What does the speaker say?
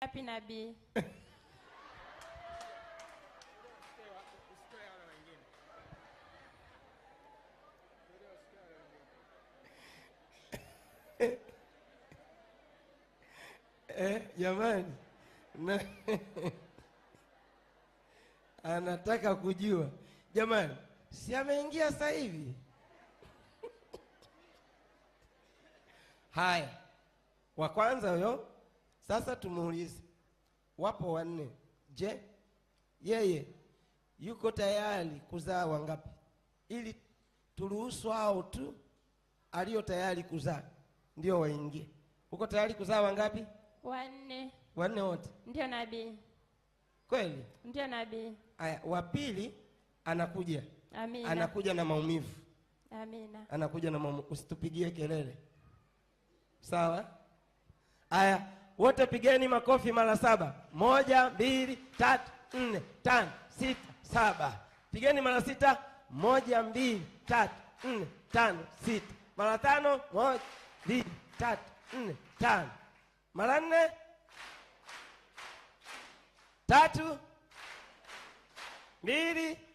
Happy nabii Eh, jamani na anataka kujua jamani, si ameingia sasa hivi? Haya, wa kwanza huyo sasa tumuulize, wapo wanne. Je, yeye yuko tayari kuzaa wangapi, ili turuhusu hao tu alio tayari kuzaa ndio waingie? Uko tayari kuzaa wangapi? Wanne. Wanne wote? Ndio nabii. Kweli? Ndio nabii. Aya, wa pili anakuja. Amina. Anakuja na maumivu. Amina. Anakuja na maumivu. Usitupigie kelele, sawa? Aya wote pigeni makofi mara saba. Moja, mbili, tatu, nne, tano, sita, saba. Pigeni mara sita. Moja, mbili, tatu, nne, tano, sita. Mara tano. Moja, mbili, tatu, nne, tano. Mara nne. Tatu, mbili